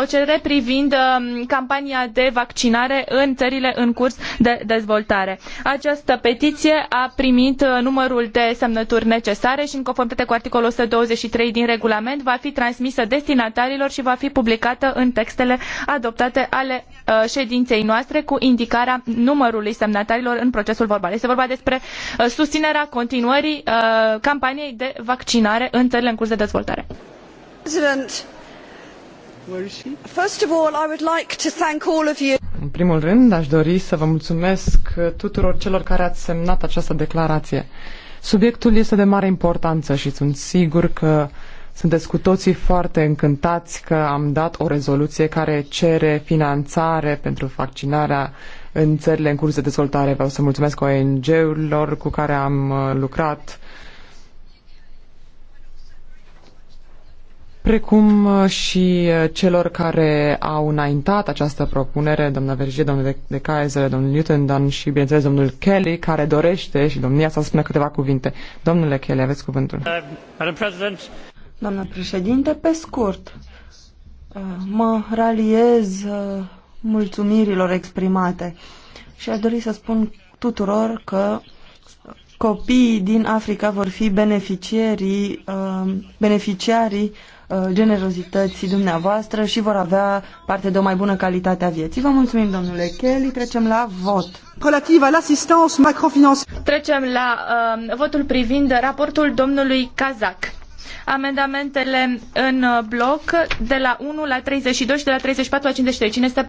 o cerere privind um, campania de vaccinare în țările în curs de dezvoltare. Această petiție a primit uh, numărul de semnături necesare și în conformitate cu articolul 123 din regulament va fi transmisă destinatarilor și va fi publicată în textele adoptate ale uh, ședinței noastre cu indicarea numărului semnatarilor în procesul verbal. Este vorba despre uh, susținerea continuării campaniei de vaccinare în țările în curs de dezvoltare. President. First of all, I would like to thank all of you. În primul rând, aș dori să vă mulțumesc tuturor celor care ați semnat această declarație. Subiectul este de mare importanță și sunt sigur că sunteți cu toții foarte încântați că am dat o rezoluție care cere finanțare pentru vaccinarea în țările în curs de dezvoltare. Vreau să mulțumesc ONG-urilor cu care am uh, lucrat precum uh, și uh, celor care au înaintat această propunere, doamna Vergie, domnul de Kaiser, domnul Newton, Dan și, bineînțeles, domnul Kelly, care dorește și domnia să spună câteva cuvinte. Domnule Kelly, aveți cuvântul. Uh, doamna președinte, pe scurt, mă raliez mulțumirilor exprimate și aș dori să spun tuturor că copiii din Africa vor fi beneficiarii, uh, beneficiarii uh, generozității dumneavoastră și vor avea parte de o mai bună calitate a vieții. Vă mulțumim, domnule Kelly. Trecem la vot. Relativ la asistență macrofinanță. Trecem la uh, votul privind raportul domnului Kazak. Amendamentele în uh, bloc de la 1 la 32 și de la 34 la 53. Cine este